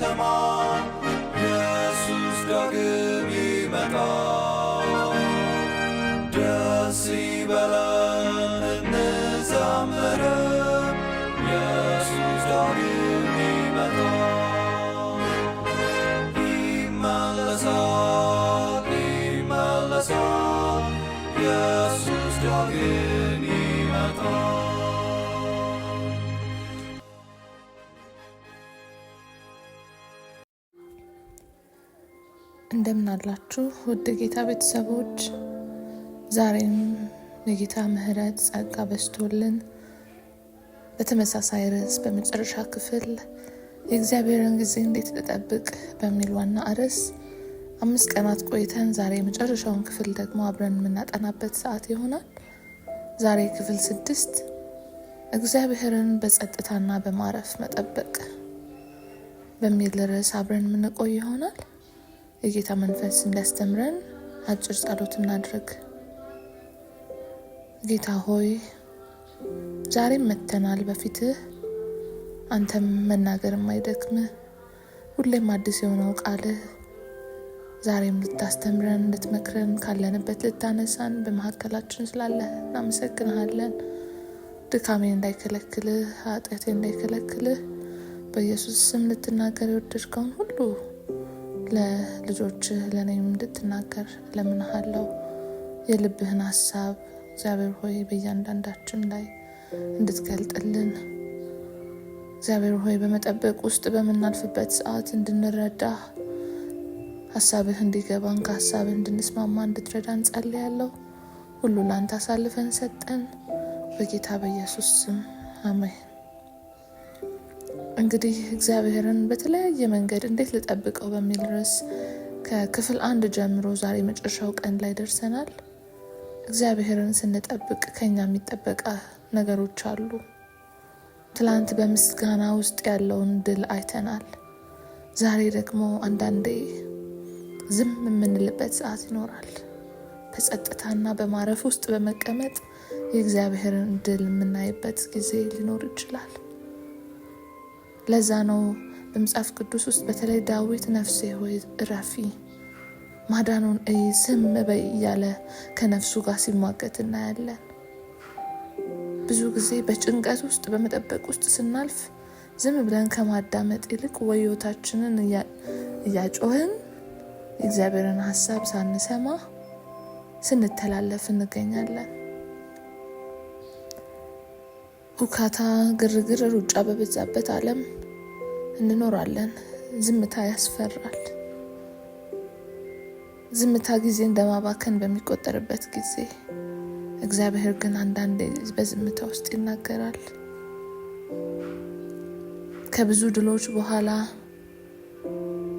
on. እንደምን አላችሁ ውድ ጌታ ቤተሰቦች፣ ዛሬም የጌታ ምሕረት ጸጋ በስቶልን በተመሳሳይ ርዕስ በመጨረሻ ክፍል የእግዚአብሔርን ጊዜ እንዴት ልጠብቅ በሚል ዋና ርዕስ አምስት ቀናት ቆይተን ዛሬ የመጨረሻውን ክፍል ደግሞ አብረን የምናጠናበት ሰዓት ይሆናል። ዛሬ ክፍል ስድስት እግዚአብሔርን በጸጥታና በማረፍ መጠበቅ በሚል ርዕስ አብረን የምንቆይ ይሆናል። የጌታ መንፈስ እንዲያስተምረን አጭር ጸሎት እናድርግ። ጌታ ሆይ ዛሬም መተናል በፊትህ አንተም መናገር የማይደክምህ ሁሌም አዲስ የሆነው ቃልህ ዛሬም ልታስተምረን ልትመክረን ካለንበት ልታነሳን በመካከላችን ስላለ እናመሰግንሃለን። ድካሜ እንዳይከለክልህ ኃጢአቴ እንዳይከለክልህ በኢየሱስ ስም ልትናገር የወደድከውን ሁሉ ለልጆችህ ለእኔም እንድትናገር ለምንሃለው የልብህን ሀሳብ እግዚአብሔር ሆይ በእያንዳንዳችን ላይ እንድትገልጥልን እግዚአብሔር ሆይ በመጠበቅ ውስጥ በምናልፍበት ሰዓት እንድንረዳ ሀሳብህ እንዲገባን ከሀሳብህ እንድንስማማ እንድትረዳ ያለው ሁሉ ለአንተ አሳልፈን ሰጠን በጌታ በኢየሱስ ስም አሜን። እንግዲህ እግዚአብሔርን በተለያየ መንገድ እንዴት ልጠብቀው በሚል ርዕስ ከክፍል አንድ ጀምሮ ዛሬ መጨረሻው ቀን ላይ ደርሰናል። እግዚአብሔርን ስንጠብቅ ከኛ የሚጠበቀ ነገሮች አሉ። ትላንት በምስጋና ውስጥ ያለውን ድል አይተናል። ዛሬ ደግሞ አንዳንዴ ዝም የምንልበት ሰዓት ይኖራል። በጸጥታና በማረፍ ውስጥ በመቀመጥ የእግዚአብሔርን ድል የምናይበት ጊዜ ሊኖር ይችላል። ለዛ ነው በመጽሐፍ ቅዱስ ውስጥ በተለይ ዳዊት ነፍሴ ሆይ እረፊ ማዳኑን እይ ዝም በይ እያለ ከነፍሱ ጋር ሲሟገት እናያለን። ብዙ ጊዜ በጭንቀት ውስጥ በመጠበቅ ውስጥ ስናልፍ ዝም ብለን ከማዳመጥ ይልቅ ወዮታችንን እያጮህን የእግዚአብሔርን ሀሳብ ሳንሰማ ስንተላለፍ እንገኛለን። ሁካታ፣ ግርግር፣ ሩጫ በበዛበት ዓለም እንኖራለን። ዝምታ ያስፈራል። ዝምታ ጊዜ እንደማባከን በሚቆጠርበት ጊዜ እግዚአብሔር ግን አንዳንዴ በዝምታ ውስጥ ይናገራል። ከብዙ ድሎች በኋላ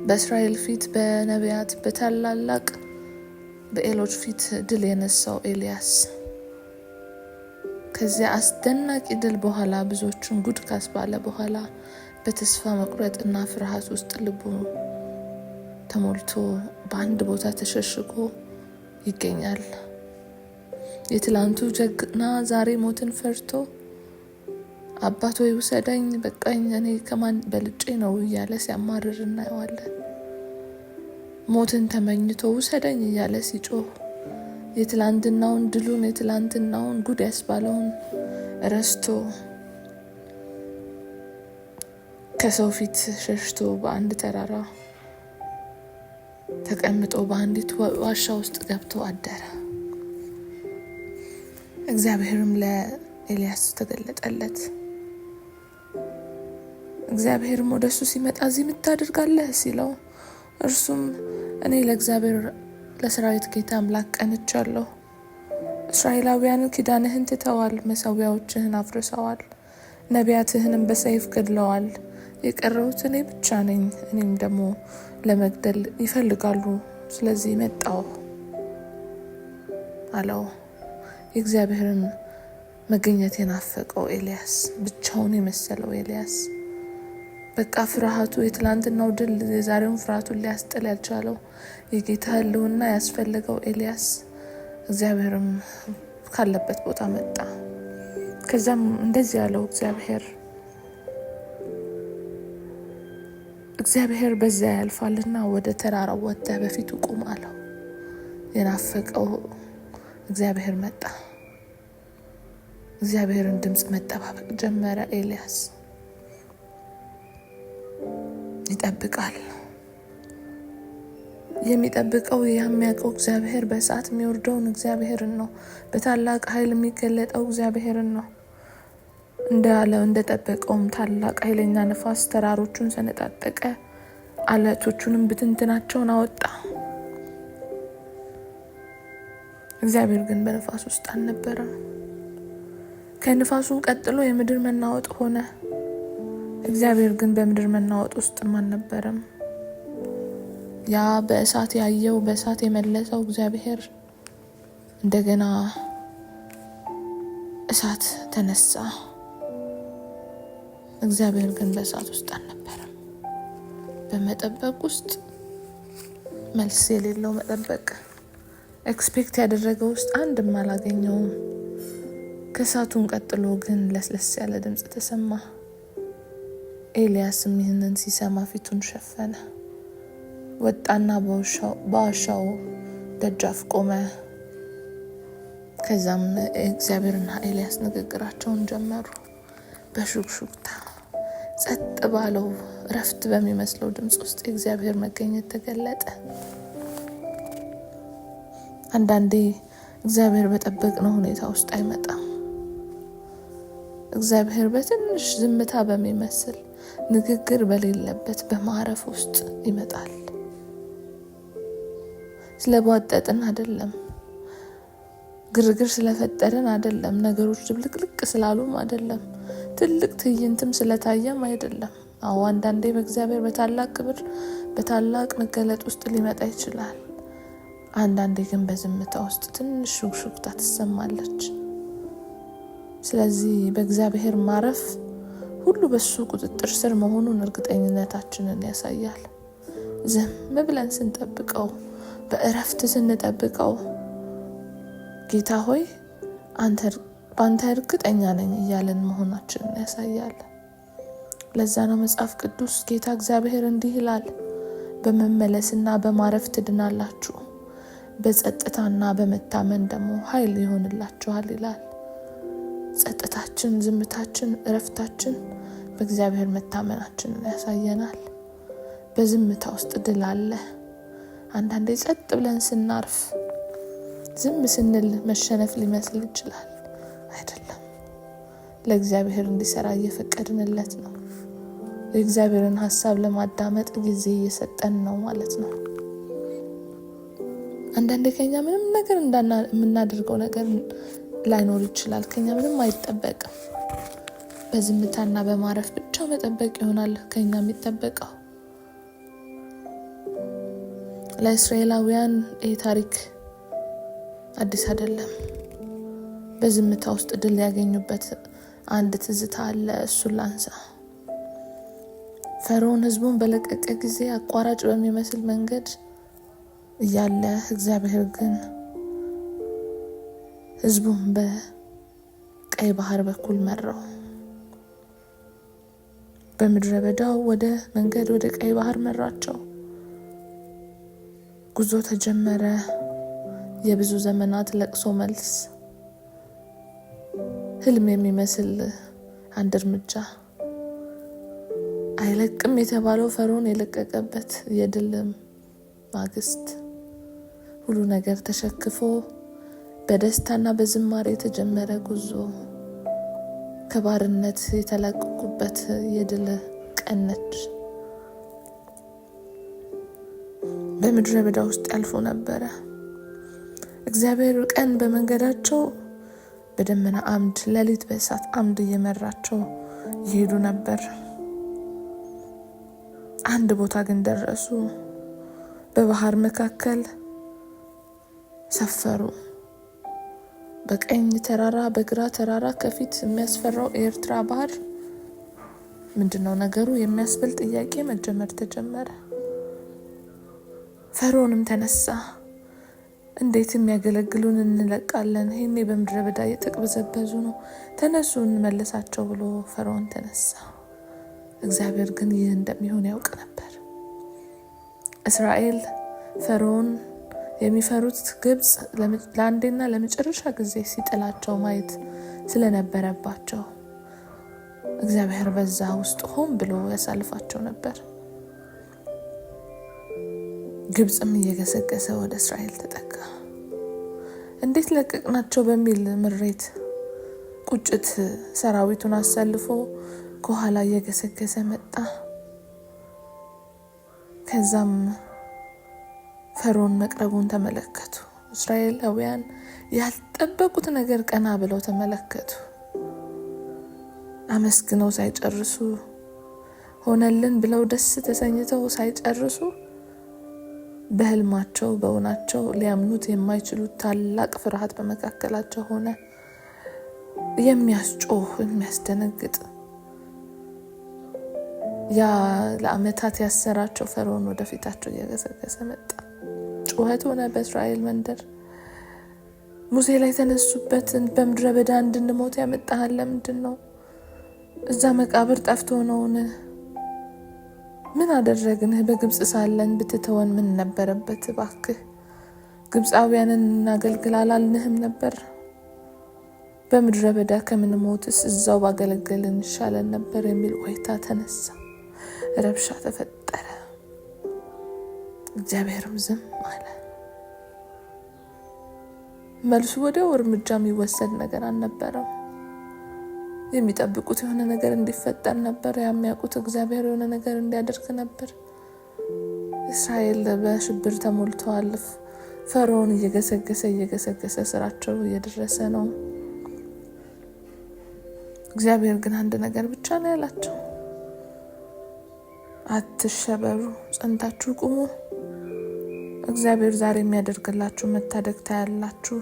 በእስራኤል ፊት በነቢያት በታላላቅ በኤሎች ፊት ድል የነሳው ኤልያስ ከዚያ አስደናቂ ድል በኋላ ብዙዎቹን ጉድ ካስባለ በኋላ በተስፋ መቁረጥና ፍርሃት ውስጥ ልቡ ተሞልቶ በአንድ ቦታ ተሸሽጎ ይገኛል። የትላንቱ ጀግና ዛሬ ሞትን ፈርቶ አባት ወይ ውሰደኝ፣ በቃኝ፣ እኔ ከማን በልጬ ነው እያለ ሲያማርር እናየዋለን። ሞትን ተመኝቶ ውሰደኝ እያለ ሲጮህ የትላንትናውን ድሉን የትላንትናውን ጉድ ያስባለውን ረስቶ ከሰው ፊት ሸሽቶ በአንድ ተራራ ተቀምጦ በአንዲት ዋሻ ውስጥ ገብቶ አደረ። እግዚአብሔርም ለኤልያስ ተገለጠለት። እግዚአብሔርም ወደ እሱ ሲመጣ እዚህ የምታደርጋለህ ሲለው እርሱም እኔ ለእግዚአብሔር ለሰራዊት ጌታ አምላክ ቀንቻለሁ። እስራኤላውያንን ኪዳንህን ትተዋል፣ መሰዊያዎችህን አፍርሰዋል፣ ነቢያትህንም በሰይፍ ገድለዋል። የቀረሁት እኔ ብቻ ነኝ፣ እኔም ደግሞ ለመግደል ይፈልጋሉ። ስለዚህ መጣው አለው። የእግዚአብሔርን መገኘት የናፈቀው ኤልያስ፣ ብቻውን የመሰለው ኤልያስ በቃ ፍርሃቱ የትላንትናው ድል የዛሬውን ፍርሃቱን ሊያስጥል ያልቻለው የጌታ ህልውና ያስፈለገው ኤልያስ እግዚአብሔርም ካለበት ቦታ መጣ። ከዚያም እንደዚህ ያለው እግዚአብሔር እግዚአብሔር በዚያ ያልፋልና ወደ ተራራው ወጥተህ በፊቱ ቁም አለው። የናፈቀው እግዚአብሔር መጣ። እግዚአብሔርን ድምፅ መጠባበቅ ጀመረ ኤልያስ። ይጠብቃል። የሚጠብቀው የሚያውቀው እግዚአብሔር በእሳት የሚወርደውን እግዚአብሔርን ነው። በታላቅ ኃይል የሚገለጠው እግዚአብሔርን ነው። እንዳለው እንደጠበቀውም ታላቅ ኃይለኛ ነፋስ ተራሮቹን ሰነጣጠቀ፣ አለቶቹንም ብትንትናቸውን አወጣ። እግዚአብሔር ግን በነፋስ ውስጥ አልነበረም። ከንፋሱ ቀጥሎ የምድር መናወጥ ሆነ። እግዚአብሔር ግን በምድር መናወጥ ውስጥም አልነበረም። ያ በእሳት ያየው በእሳት የመለሰው እግዚአብሔር እንደገና እሳት ተነሳ። እግዚአብሔር ግን በእሳት ውስጥ አልነበረም። በመጠበቅ ውስጥ መልስ የሌለው መጠበቅ፣ ኤክስፔክት ያደረገው ውስጥ አንድም አላገኘውም። ከእሳቱን ቀጥሎ ግን ለስለስ ያለ ድምፅ ተሰማ። ኤልያስም ይህንን ሲሰማ ፊቱን ሸፈነ፣ ወጣና በዋሻው ደጃፍ ቆመ። ከዛም እግዚአብሔርና ኤልያስ ንግግራቸውን ጀመሩ። በሹክሹክታ ጸጥ ባለው እረፍት በሚመስለው ድምፅ ውስጥ የእግዚአብሔር መገኘት ተገለጠ። አንዳንዴ እግዚአብሔር በጠበቅነው ሁኔታ ውስጥ አይመጣም። እግዚአብሔር በትንሽ ዝምታ በሚመስል ንግግር በሌለበት በማረፍ ውስጥ ይመጣል። ስለቧጠጥን አይደለም፣ ግርግር ስለፈጠርን አይደለም፣ ነገሮች ድብልቅልቅ ስላሉም አይደለም፣ ትልቅ ትዕይንትም ስለታየም አይደለም። አዎ አንዳንዴ በእግዚአብሔር በታላቅ ክብር በታላቅ መገለጥ ውስጥ ሊመጣ ይችላል። አንዳንዴ ግን በዝምታ ውስጥ ትንሽ ሹክሹክታ ትሰማለች። ስለዚህ በእግዚአብሔር ማረፍ ሁሉ በሱ ቁጥጥር ስር መሆኑን እርግጠኝነታችንን ያሳያል። ዝም ብለን ስንጠብቀው፣ በእረፍት ስንጠብቀው ጌታ ሆይ በአንተ እርግጠኛ ነኝ እያለን መሆናችንን ያሳያል። ለዛ ነው መጽሐፍ ቅዱስ ጌታ እግዚአብሔር እንዲህ ይላል፣ በመመለስና በማረፍ ትድናላችሁ፣ በጸጥታና በመታመን ደግሞ ኃይል ይሆንላችኋል ይላል። ጸጥታችን፣ ዝምታችን፣ እረፍታችን በእግዚአብሔር መታመናችንን ያሳየናል። በዝምታ ውስጥ ድል አለ። አንዳንዴ ጸጥ ብለን ስናርፍ ዝም ስንል መሸነፍ ሊመስል ይችላል። አይደለም። ለእግዚአብሔር እንዲሰራ እየፈቀድንለት ነው። የእግዚአብሔርን ሀሳብ ለማዳመጥ ጊዜ እየሰጠን ነው ማለት ነው። አንዳንዴ ከኛ ምንም ነገር የምናደርገው ነገር ላይኖር ይችላል። ከኛ ምንም አይጠበቅም። በዝምታና በማረፍ ብቻ መጠበቅ ይሆናል ከኛ የሚጠበቀው። ለእስራኤላውያን ይህ ታሪክ አዲስ አይደለም። በዝምታ ውስጥ ድል ያገኙበት አንድ ትዝታ አለ። እሱን ላንሳ። ፈርዖን ህዝቡን በለቀቀ ጊዜ አቋራጭ በሚመስል መንገድ እያለ እግዚአብሔር ግን ህዝቡን በቀይ ባህር በኩል መራው። በምድረ በዳው ወደ መንገድ ወደ ቀይ ባህር መራቸው። ጉዞ ተጀመረ። የብዙ ዘመናት ለቅሶ መልስ፣ ህልም የሚመስል አንድ እርምጃ፣ አይለቅም የተባለው ፈርዖን የለቀቀበት የድል ማግስት ሁሉ ነገር ተሸክፎ በደስታና በዝማሬ የተጀመረ ጉዞ ከባርነት የተላቀቁበት የድል ቀን ነች። በምድረ በዳ ውስጥ ያልፎ ነበረ። እግዚአብሔር ቀን በመንገዳቸው በደመና አምድ፣ ሌሊት በእሳት አምድ እየመራቸው ይሄዱ ነበር። አንድ ቦታ ግን ደረሱ። በባህር መካከል ሰፈሩ። በቀኝ ተራራ በግራ ተራራ ከፊት የሚያስፈራው የኤርትራ ባህር ምንድነው ነገሩ የሚያስብል ጥያቄ መጀመር ተጀመረ። ፈርዖንም ተነሳ። እንዴት የሚያገለግሉን እንለቃለን፣ ይህኔ በምድረ በዳ እየተቅበዘበዙ ነው፣ ተነሱ እንመለሳቸው ብሎ ፈርዖን ተነሳ። እግዚአብሔር ግን ይህ እንደሚሆን ያውቅ ነበር። እስራኤል ፈርዖን የሚፈሩት ግብፅ ለአንዴና ለመጨረሻ ጊዜ ሲጥላቸው ማየት ስለነበረባቸው እግዚአብሔር በዛ ውስጥ ሆን ብሎ ያሳልፋቸው ነበር። ግብፅም እየገሰገሰ ወደ እስራኤል ተጠጋ። እንዴት ለቀቅናቸው በሚል ምሬት ቁጭት ሰራዊቱን አሰልፎ ከኋላ እየገሰገሰ መጣ። ከዛም ፈርዖን መቅረቡን ተመለከቱ። እስራኤላውያን ያልጠበቁት ነገር ቀና ብለው ተመለከቱ። አመስግነው ሳይጨርሱ ሆነልን ብለው ደስ ተሰኝተው ሳይጨርሱ በህልማቸው በውናቸው ሊያምኑት የማይችሉት ታላቅ ፍርሃት በመካከላቸው ሆነ። የሚያስጮህ የሚያስደነግጥ ያ ለአመታት ያሰራቸው ፈርዖን ወደፊታቸው እየገሰገሰ መጣ። ጩኸት ሆነ በእስራኤል መንደር። ሙሴ ላይ ተነሱበትን በምድረ በዳ እንድንሞት ያመጣሃል ለምንድን ነው? እዛ መቃብር ጠፍቶ ነውን? ምን አደረግንህ? በግብፅ ሳለን ብትተወን ምን ነበረበት? እባክህ ግብፃውያንን እናገልግል አላልንህም ነበር? በምድረ በዳ ከምንሞትስ እዛው ባገለገልን ይሻለን ነበር የሚል ቆይታ ተነሳ። ረብሻ ተፈጠ። እግዚአብሔርም ዝም አለ። መልሱ ወዲያው እርምጃ የሚወሰድ ነገር አልነበረም። የሚጠብቁት የሆነ ነገር እንዲፈጠር ነበር። የሚያውቁት እግዚአብሔር የሆነ ነገር እንዲያደርግ ነበር። እስራኤል በሽብር ተሞልተዋል። ፈርዖን እየገሰገሰ እየገሰገሰ ስራቸው እየደረሰ ነው። እግዚአብሔር ግን አንድ ነገር ብቻ ነው ያላቸው፣ አትሸበሩ፣ ጸንታችሁ ቁሙ። እግዚአብሔር ዛሬ የሚያደርግላችሁ መታደግ ታያላችሁ።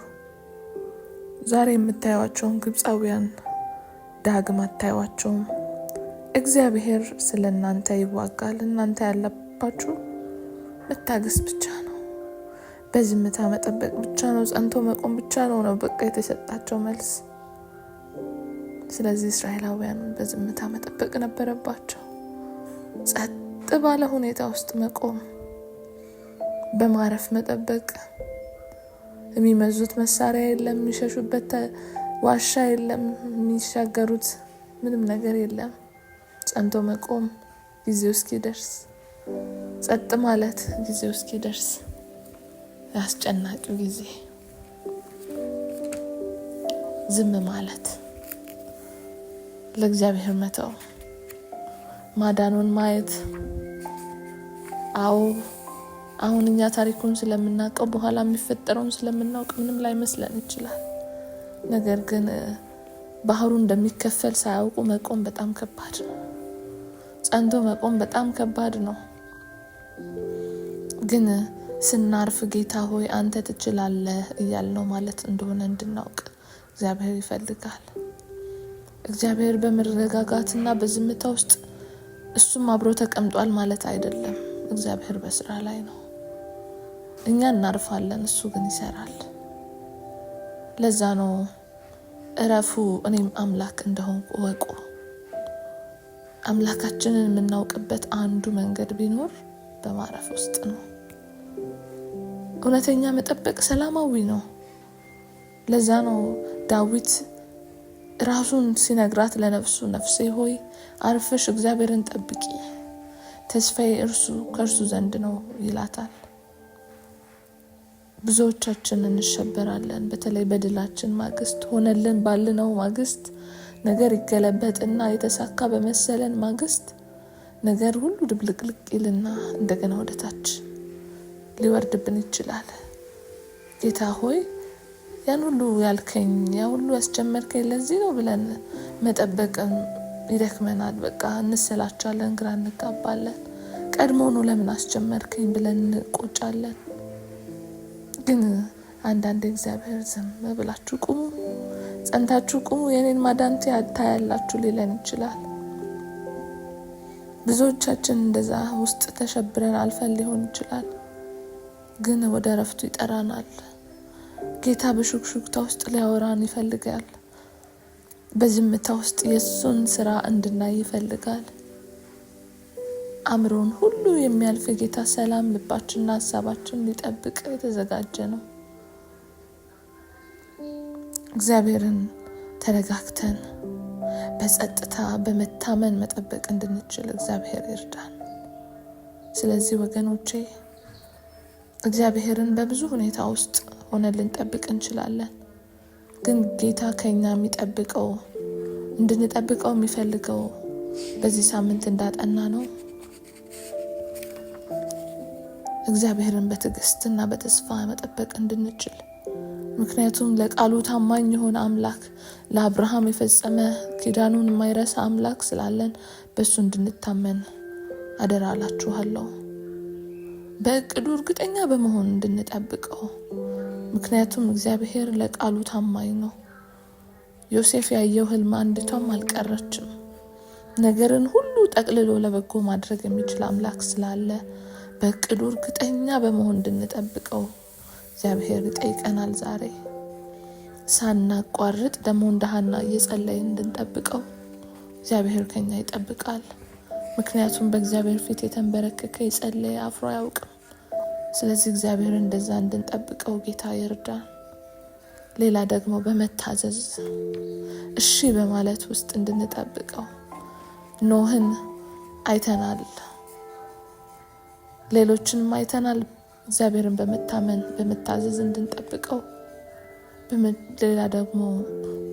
ዛሬ የምታዩዋቸውን ግብፃውያን ዳግም አታዩዋቸውም። እግዚአብሔር ስለ እናንተ ይዋጋል። እናንተ ያለባችሁ መታገስ ብቻ ነው። በዝምታ መጠበቅ ብቻ ነው። ጸንቶ መቆም ብቻ ነው ነው በቃ የተሰጣቸው መልስ። ስለዚህ እስራኤላውያን በዝምታ መጠበቅ ነበረባቸው። ጸጥ ባለ ሁኔታ ውስጥ መቆም በማረፍ መጠበቅ። የሚመዙት መሳሪያ የለም፣ የሚሸሹበት ዋሻ የለም፣ የሚሻገሩት ምንም ነገር የለም። ጸንቶ መቆም ጊዜው እስኪደርስ፣ ጸጥ ማለት ጊዜው እስኪደርስ፣ ያስጨናቂው ጊዜ ዝም ማለት፣ ለእግዚአብሔር መተው፣ ማዳኑን ማየት። አዎ አሁን እኛ ታሪኩን ስለምናውቀው በኋላ የሚፈጠረውን ስለምናውቅ ምንም ላይመስለን ይችላል። ነገር ግን ባህሩ እንደሚከፈል ሳያውቁ መቆም በጣም ከባድ ነው። ጸንቶ መቆም በጣም ከባድ ነው። ግን ስናርፍ ጌታ ሆይ አንተ ትችላለህ እያልነው ማለት እንደሆነ እንድናውቅ እግዚአብሔር ይፈልጋል። እግዚአብሔር በመረጋጋትና በዝምታ ውስጥ እሱም አብሮ ተቀምጧል ማለት አይደለም። እግዚአብሔር በስራ ላይ ነው። እኛ እናርፋለን፣ እሱ ግን ይሰራል። ለዛ ነው እረፉ እኔም አምላክ እንደሆንኩ እወቁ። አምላካችንን የምናውቅበት አንዱ መንገድ ቢኖር በማረፍ ውስጥ ነው። እውነተኛ መጠበቅ ሰላማዊ ነው። ለዛ ነው ዳዊት ራሱን ሲነግራት ለነፍሱ ነፍሴ ሆይ አርፈሽ እግዚአብሔርን ጠብቂ፣ ተስፋዬ እርሱ ከእርሱ ዘንድ ነው ይላታል። ብዙዎቻችን እንሸበራለን። በተለይ በድላችን ማግስት ሆነልን ባልነው ማግስት ነገር ይገለበጥና የተሳካ በመሰለን ማግስት ነገር ሁሉ ድብልቅልቅ ይልና እንደገና ወደታች ሊወርድብን ይችላል። ጌታ ሆይ ያን ሁሉ ያልከኝ፣ ያ ሁሉ ያስጀመርከኝ ለዚህ ነው ብለን መጠበቅም ይደክመናል። በቃ እንሰላቻለን፣ ግራ እንጋባለን። ቀድሞኑ ለምን አስጀመርከኝ ብለን እንቆጫለን። ግን አንዳንድ እግዚአብሔር ዝም ብላችሁ ቁሙ፣ ጸንታችሁ ቁሙ፣ የኔን ማዳንት ታያላችሁ ሊለን ይችላል። ብዙዎቻችን እንደዛ ውስጥ ተሸብረን አልፈን ሊሆን ይችላል። ግን ወደ እረፍቱ ይጠራናል። ጌታ በሹክሹክታ ውስጥ ሊያወራን ይፈልጋል። በዝምታ ውስጥ የእሱን ስራ እንድናይ ይፈልጋል። አእምሮን ሁሉ የሚያልፍ ጌታ ሰላም ልባችንና ሀሳባችን ሊጠብቅ የተዘጋጀ ነው። እግዚአብሔርን ተረጋግተን በጸጥታ በመታመን መጠበቅ እንድንችል እግዚአብሔር ይርዳን። ስለዚህ ወገኖቼ እግዚአብሔርን በብዙ ሁኔታ ውስጥ ሆነን ልንጠብቅ እንችላለን። ግን ጌታ ከኛ የሚጠብቀው እንድንጠብቀው የሚፈልገው በዚህ ሳምንት እንዳጠና ነው እግዚአብሔርን በትዕግስትና በተስፋ መጠበቅ እንድንችል ምክንያቱም ለቃሉ ታማኝ የሆነ አምላክ ለአብርሃም የፈጸመ ኪዳኑን የማይረሳ አምላክ ስላለን በእሱ እንድንታመን አደራ በእቅዱ እርግጠኛ በመሆን እንድንጠብቀው፣ ምክንያቱም እግዚአብሔር ለቃሉ ታማኝ ነው። ዮሴፍ ያየው ህልም አንዲቷም አልቀረችም። ነገርን ሁሉ ጠቅልሎ ለበጎ ማድረግ የሚችል አምላክ ስላለ በቅዱ እርግጠኛ በመሆን እንድንጠብቀው እግዚአብሔር ይጠይቀናል። ዛሬ ሳናቋርጥ ደግሞ እንደ እየጸለይ እየጸለይን እንድንጠብቀው እግዚአብሔር ከኛ ይጠብቃል። ምክንያቱም በእግዚአብሔር ፊት የተንበረከከ የጸለየ አፍሮ አያውቅም። ስለዚህ እግዚአብሔር እንደዛ እንድንጠብቀው ጌታ ይርዳን። ሌላ ደግሞ በመታዘዝ እሺ በማለት ውስጥ እንድንጠብቀው ኖህን አይተናል። ሌሎችንም አይተናል። እግዚአብሔርን በመታመን በመታዘዝ እንድንጠብቀው፣ ሌላ ደግሞ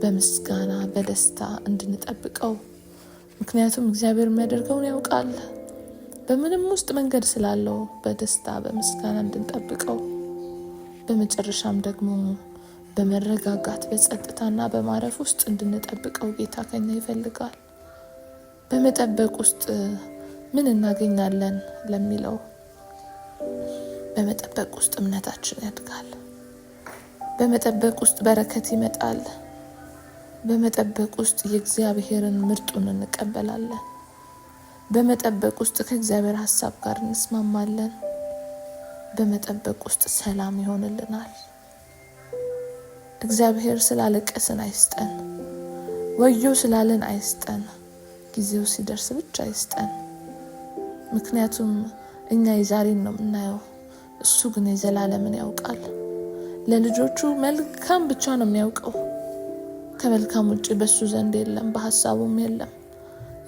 በምስጋና በደስታ እንድንጠብቀው። ምክንያቱም እግዚአብሔር የሚያደርገውን ያውቃል። በምንም ውስጥ መንገድ ስላለው በደስታ በምስጋና እንድንጠብቀው፣ በመጨረሻም ደግሞ በመረጋጋት በጸጥታና በማረፍ ውስጥ እንድንጠብቀው ጌታ ከኛ ይፈልጋል። በመጠበቅ ውስጥ ምን እናገኛለን ለሚለው በመጠበቅ ውስጥ እምነታችን ያድጋል። በመጠበቅ ውስጥ በረከት ይመጣል። በመጠበቅ ውስጥ የእግዚአብሔርን ምርጡን እንቀበላለን። በመጠበቅ ውስጥ ከእግዚአብሔር ሀሳብ ጋር እንስማማለን። በመጠበቅ ውስጥ ሰላም ይሆንልናል። እግዚአብሔር ስላለቀስን አይስጠን፣ ወዮ ስላለን አይስጠን፣ ጊዜው ሲደርስ ብቻ አይስጠን። ምክንያቱም እኛ የዛሬን ነው የምናየው፣ እሱ ግን የዘላለምን ያውቃል። ለልጆቹ መልካም ብቻ ነው የሚያውቀው። ከመልካም ውጭ በሱ ዘንድ የለም፣ በሀሳቡም የለም።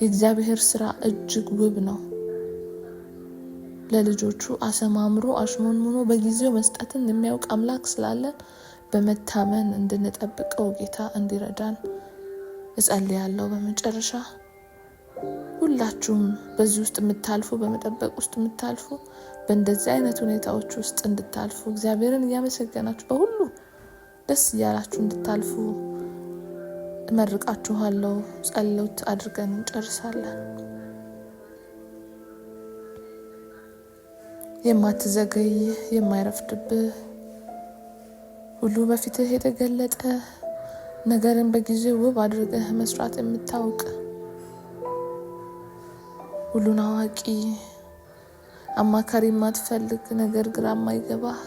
የእግዚአብሔር ስራ እጅግ ውብ ነው። ለልጆቹ አሰማምሮ አሽሞንሙኖ በጊዜው መስጠትን የሚያውቅ አምላክ ስላለን በመታመን እንድንጠብቀው ጌታ እንዲረዳን እጸልያለሁ። በመጨረሻ ሁላችሁም በዚህ ውስጥ የምታልፉ በመጠበቅ ውስጥ የምታልፉ በእንደዚህ አይነት ሁኔታዎች ውስጥ እንድታልፉ እግዚአብሔርን እያመሰገናችሁ በሁሉ ደስ እያላችሁ እንድታልፉ እመርቃችኋለሁ። ጸሎት አድርገን እንጨርሳለን። የማትዘገይ የማይረፍድብህ ሁሉ በፊትህ የተገለጠ ነገርን በጊዜ ውብ አድርገህ መስራት የምታውቅ ሁሉን አዋቂ አማካሪ የማትፈልግ ነገር ግራ የማይገባህ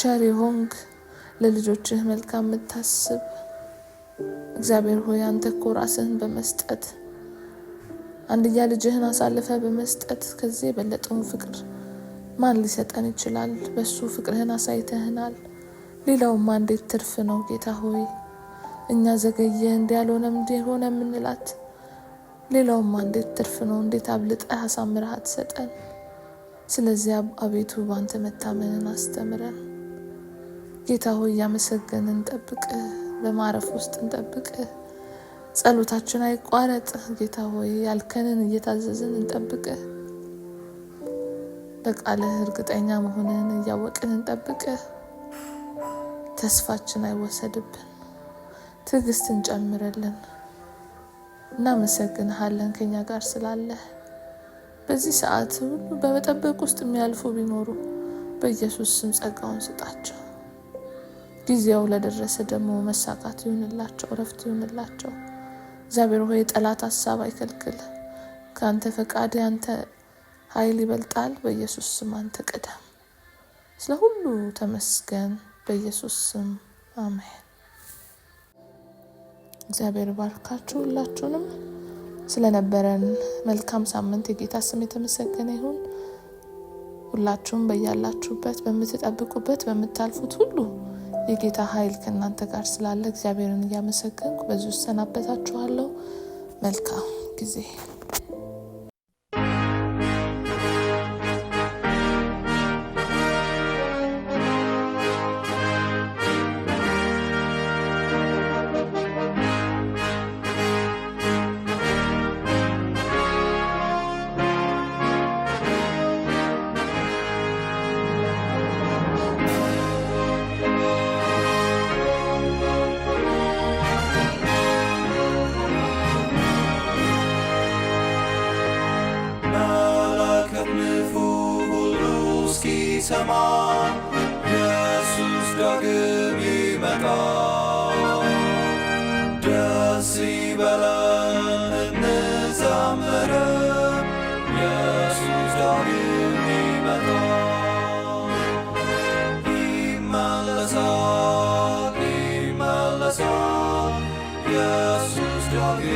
ቸር ሆንግ ለልጆችህ መልካም የምታስብ እግዚአብሔር ሆይ አንተ እኮ ራስህን በመስጠት አንድያ ልጅህን አሳልፈ በመስጠት ከዚህ የበለጠውን ፍቅር ማን ሊሰጠን ይችላል? በሱ ፍቅርህን አሳይተህናል። ሌላውማ እንዴት ትርፍ ነው ጌታ ሆይ። እኛ ዘገየህ እንዲያልሆነ እንዲሆነ ሆነ የምንላት ሌላውማ እንዴት ትርፍ ነው! እንዴት አብልጠህ አሳምረህ አትሰጠን። ስለዚያ አቤቱ ባንተ መታመንን አስተምረን። ጌታ ሆይ እያመሰገንን እንጠብቅህ፣ በማረፍ ውስጥ እንጠብቅህ። ጸሎታችን አይቋረጥ። ጌታ ሆይ ያልከንን እየታዘዝን እንጠብቅህ። በቃልህ እርግጠኛ መሆንን እያወቅን እንጠብቅህ። ተስፋችን አይወሰድብን፣ ትዕግስትን ጨምረልን። እናመሰግንሃለን ከኛ ጋር ስላለህ። በዚህ ሰዓት ሁሉ በመጠበቅ ውስጥ የሚያልፉ ቢኖሩ በኢየሱስ ስም ጸጋውን ስጣቸው። ጊዜው ለደረሰ ደግሞ መሳካት ይሁንላቸው፣ እረፍት ይሁንላቸው። እግዚአብሔር ሆይ የጠላት ሀሳብ አይከልክል። ከአንተ ፈቃድ የአንተ ኃይል ይበልጣል። በኢየሱስ ስም አንተ ቅደም። ስለ ሁሉ ተመስገን። በኢየሱስ ስም አሜን። እግዚአብሔር ባርካችሁ ሁላችሁንም። ስለነበረን መልካም ሳምንት የጌታ ስም የተመሰገነ ይሁን። ሁላችሁም በያላችሁበት በምትጠብቁበት በምታልፉት ሁሉ የጌታ ኃይል ከእናንተ ጋር ስላለ እግዚአብሔርን እያመሰገንኩ በዚሁ እሰናበታችኋለሁ። መልካም ጊዜ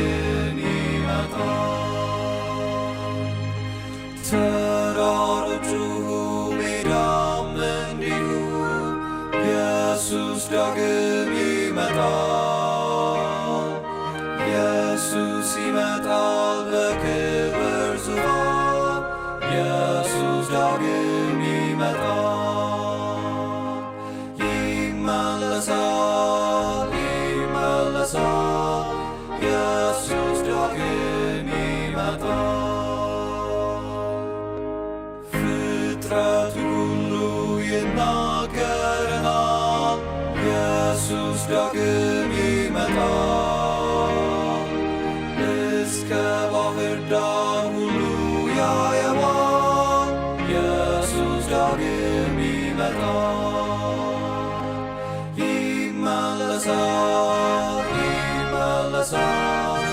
ግን ይመጣል። ተራሮቹ ሜዳም እንዲሁ ዳግም ይመጣል። dan ሁሉ ያየዋል። ኢየሱስ ዳግም ይመጣል፣ ይመለሳል፣ ይመለሳል።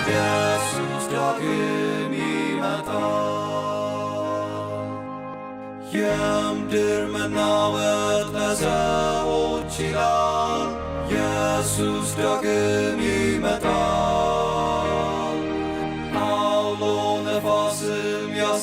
ኢየሱስ ዳግም ይመጣል። የምድር